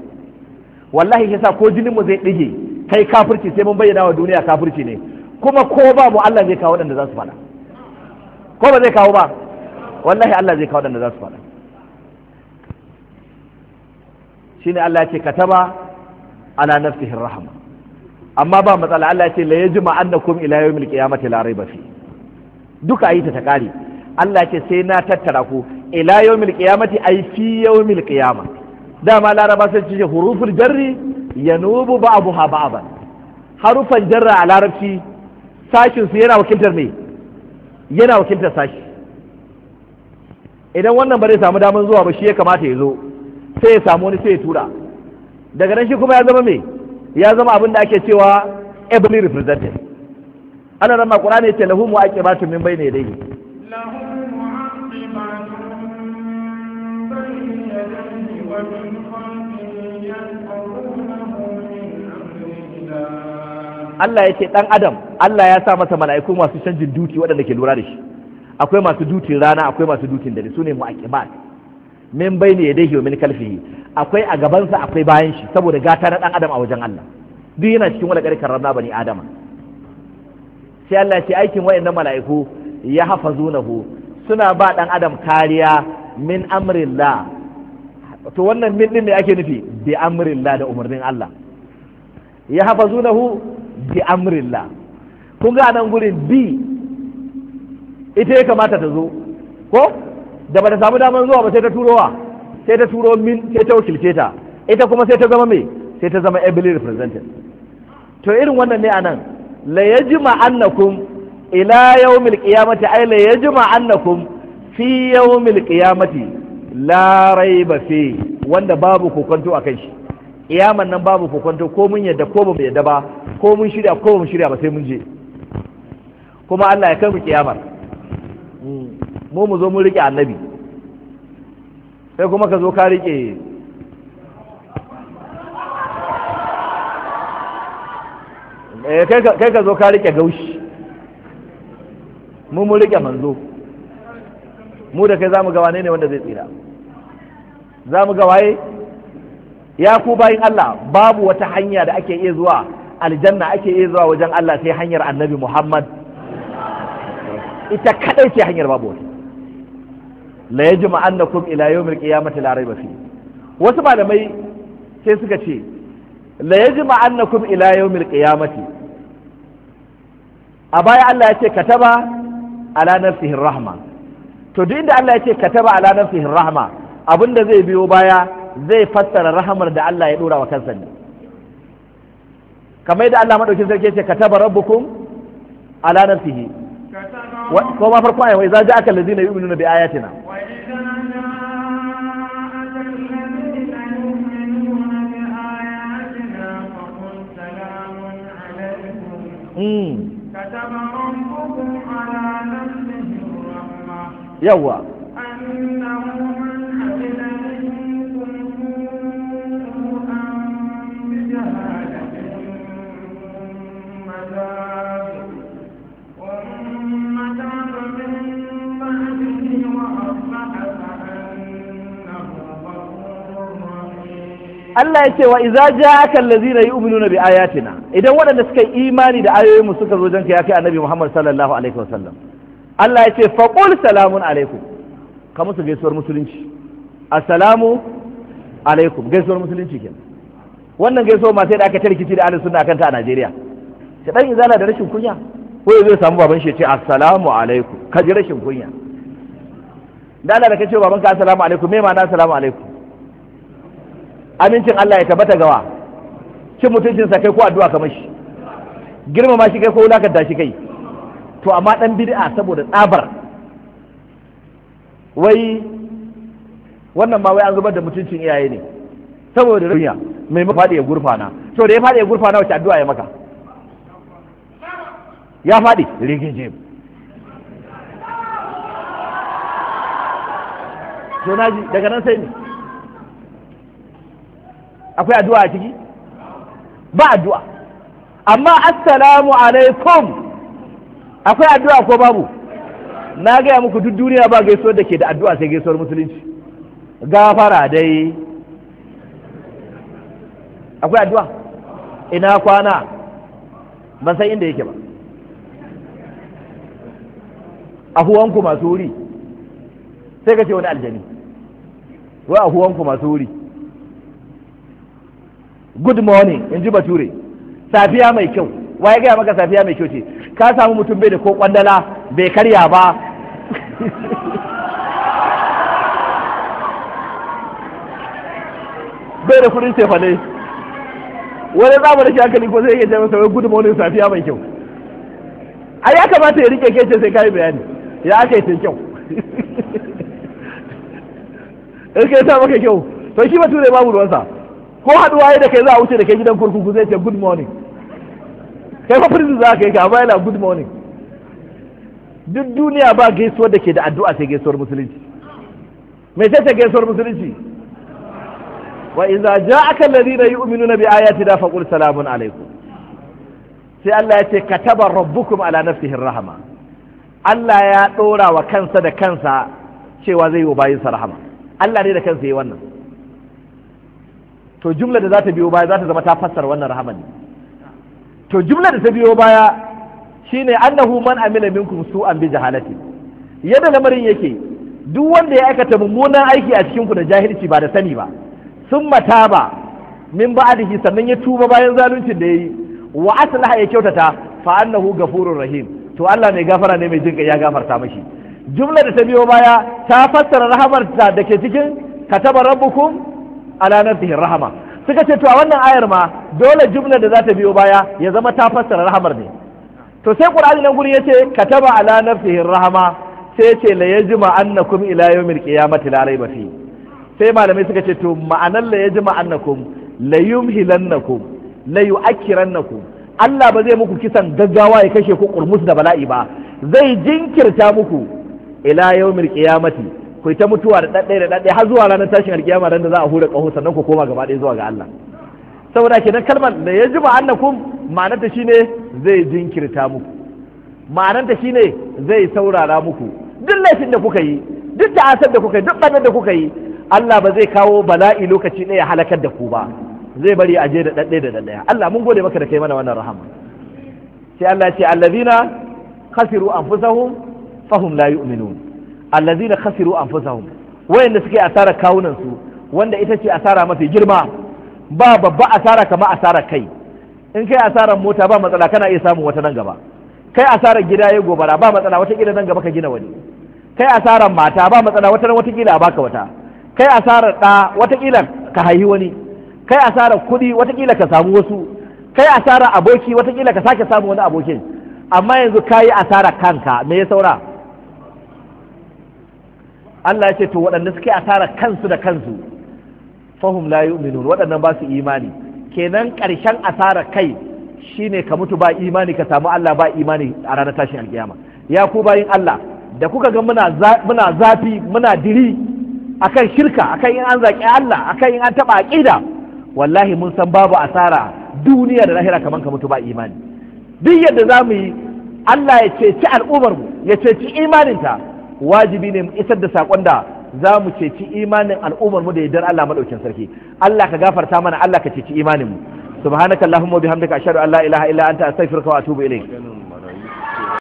wallahi yasa ko jinin mu zai dige kai kafirci sai mun bayyana wa duniya kafirci ne kuma ko ba mu Allah zai kawo waɗanda za su faɗa ko ba zai kawo ba wallahi Allah zai kawo waɗanda za su faɗa shine Allah ya ce kataba ala nafsihi rahma amma ba matsala Allah ya ce la yajma annakum ila yawmil qiyamati la raiba fi duka ayi ta kare Allah ya ce sai na tattara ku ila yawmil qiyamati ay fi yawmil qiyamah dama laraba sai ce huruful jarri yanubu ba'daha ba'dan harufan jarra a larabci sashin su yana wakiltar me yana wakiltar sashi idan wannan ba zai samu damar zuwa ba shi ya kamata ya zo sai ya samu wani sai ya tura daga nan shi kuma ya zama me ya zama abin da ake cewa ebony represented ana ramma Qur'ani ya ce lahu mu'aqibatun min bayni yadayhi lahu Allah ya ce dan adam Allah ya sa masa mala'iku masu canjin duti waɗanda ke lura da shi akwai masu dutin rana akwai masu dutin dare sune mu'aqibat min ne yadayhi wa min kalfihi akwai a gabansa akwai bayan shi saboda gata na ɗan adam a wajen Allah duk yana cikin wala ƙarƙar rana bani adama sai Allah ya ce aikin wayannan mala'iku ya hafazunahu suna ba ɗan adam kariya min amrillah to wannan min din ne ake nufi bi amrillah da umarnin Allah ya hafazunahu bi amrillah kun ga nan gurin bi ita ya kamata ta zo ko da ba ta samu daman zuwa ba sai ta turowa sai ta turo min sai ta wakilce ta ita kuma sai ta zama me sai ta zama ebili representative to irin wannan ne anan la yajma annakum ila yawmil qiyamati ay la yajma annakum fi yawmil qiyamati la raiba fi wanda babu kokonto akan shi Iyaman nan babu kokwanto ko mun yadda ko ba mu yadda ba ko mun shirya ko ba mu shirya ba sai mun je kuma Allah ya kai mu kiyamar mu mu zo mun rike annabi sai kuma ka zo ka rike eh, kai ka zo ka rike gaushi mu mu rike manzo mu da kai za mu ga wane ne wanda zai tsira za mu ga waye ya ku bayin Allah babu wata hanya da ake iya zuwa aljanna ake iya zuwa wajen Allah sai hanyar annabi Muhammad ita kadai ce hanyar babu wata la yajma annakum ila yawmil qiyamati la rayba fi wasu malamai sai suka ce la yajma annakum ila yawmil qiyamati a baya Allah ya ce kataba ala nafsihi rahma to duk inda Allah ya ce kataba ala nafsihi rahma abinda zai biyo baya zai fassara rahamar da Allah ya dora wa kansa ne kamar da Allah madaukin sarki ka kataba rabbukum ala nafsihi ko ma farko ayi wa idza ja'aka allazina yu'minuna bi ayatina كتب ربكم Allah ya ce wa yi ja'aka na yu'minuna bi ayatina idan waɗanda suka yi imani da ayoyin mu suka zo janka ya kai annabi Muhammad sallallahu alaihi sallam Allah ya ce faqul salamun alaikum ka musu gaisuwar musulunci assalamu alaikum gaisuwar musulunci kenan wannan gaisuwar ma sai da aka tarkici da ahlus sunna kanta a Najeriya shedan izala da rashin kunya ko ya zai samu baban shi ya ce assalamu alaikum ka ji rashin kunya da Allah da kace babanka assalamu alaikum me ma'ana assalamu alaikum amincin Allah ya tabbata gawa cin mutuncinsa kai ko addu'a kamar shi girmama shi kai ko wulakanta shi kai to amma dan bid'a saboda tsabar wai wannan ma wai an zubar da mutuncin iyaye ne saboda duniya mai faɗi ya gurfana to da ya faɗi ya gurfana wace addu'a ya maka ya faɗi rigije to naji daga nan sai ne akwai addu'a a ciki ba addu'a amma assalamu alaikum akwai addu'a ko babu na gaya muku duk duniya ba gaisuwar da ke da addu'a sai gaisuwar musulunci gafara dai akwai addu'a ina kwana ban san inda yake ba ahuwanku masu wuri sai ka ce wani aljani a ahuwanku masu wuri good morning in ji bature safiya mai kyau waye gaya maka safiya mai kyau ce ka samu mutum bai da ko kwandala bai karya ba bai da kudin cefane wani zamu da shi ko zai iya jami sauran good morning safiya mai kyau a ya kamata ya rike kece sai kayi bayani ya aka yi ta kyau in ka yi sa maka kyau to shi bature babu ruwansa ko haduwa ya da kai za a wuce da kai gidan kurkuku zai ce good morning kai fa prison za ka yi ka yana good morning duk duniya ba gaisuwar da ke da addu'a sai gaisuwar musulunci me ce gaisuwar musulunci wa idza ja'aka alladhina yu'minuna bi da faqul salamun alaikum sai Allah ya ce kataba rabbukum ala nafsihi rahama Allah ya dora wa kansa da kansa cewa zai yi wa bayinsa rahama Allah ne da kansa yi wannan to jumla da za ta biyo baya za ta zama ta fassara wannan rahaman to jumla da ta biyo baya shine annahu man amila minkum su'an bi jahalati yadda lamarin yake duk wanda ya aikata mummunan aiki a cikin ku da jahilci ba da sani ba sun mata ba min ba'dihi sannan ya tuba bayan zaluncin da yayi wa aslaha ya kyautata fa annahu ghafurur rahim to Allah mai gafara ne mai jinka ya gafarta mashi jumla da ta biyo baya ta fassara rahamar da ke cikin kataba rabbukum ala nafsihi rahama suka ce to a wannan ayar ma dole jumla da za ta biyo baya ya zama ta fassara rahamar ne to sai qur'ani nan guri yace kataba ala nafsihi rahama sai yace la yajma annakum ila yawmil qiyamati la rayba fi sai malamai suka ce to ma'anar la yajma annakum la yumhilannakum la yu'akkirannakum Allah ba zai muku kisan gaggawa ya kashe ku kurmus da bala'i ba zai jinkirta muku ila yawmil qiyamati ku ta mutuwa da ɗaɗɗaya da ɗaɗɗaya har zuwa ranar tashin alkiyama ran da za a hura ƙaho sannan ku koma gaba ɗaya zuwa ga Allah saboda kenan kalmar da ya ji annakum ma'anarta shine zai jinkirta muku ma'anarta shine zai saurara muku duk laifin da kuka yi duk ta'asar da kuka yi duk ɓannar da kuka yi Allah ba zai kawo bala'i lokaci ɗaya halakar da ku ba zai bari a je da ɗaɗɗaya da ɗaɗɗaya Allah mun gode maka da kai mana wannan rahama sai Allah ya ce allazina khasiru anfusahum fahum la yu'minun allazina khasiru anfusahum wayanda suke asara kawunan su wanda ita ce asara mafi girma ba babba asara kama asara kai in kai asarar mota ba matsala kana iya samun wata nan gaba kai asarar gida ya gobara ba matsala wata kila nan gaba ka gina wani kai asarar mata ba matsala wata wata kila baka wata kai asarar ɗa wata kila ka haihi wani kai asarar kuɗi wata kila ka samu wasu kai asarar aboki wata kila ka sake samu wani abokin amma yanzu kayi asara kanka me ya saura Allah ya ce to waɗanda suke asara kansu da kansu fahum la yu'minun waɗannan ba su imani kenan ƙarshen asara kai shine ka mutu ba imani ka samu Allah ba imani a ranar tashin alkiyama ya ku bayin Allah da kuka ga muna muna zafi muna diri akan shirka akan in an zaki Allah akan in an taba aqida wallahi mun san babu asara duniya da lahira kaman ka mutu ba imani duk yadda za mu yi Allah ya ceci al'ummar mu ya ceci imanin ta. wajibi ne mu isar da sakon da za mu ceci imanin al'ummar mu da yardar Allah madaukin sarki Allah ka gafarta mana Allah ka ceci imanin mu subhanakallahumma wa bihamdika ashhadu an la ilaha illa anta astaghfiruka wa atubu ilayk